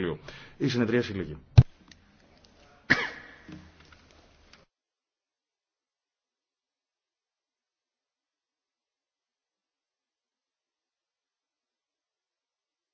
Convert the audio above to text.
Κοινοβουλίου. Η συνεδρίαση λίγη.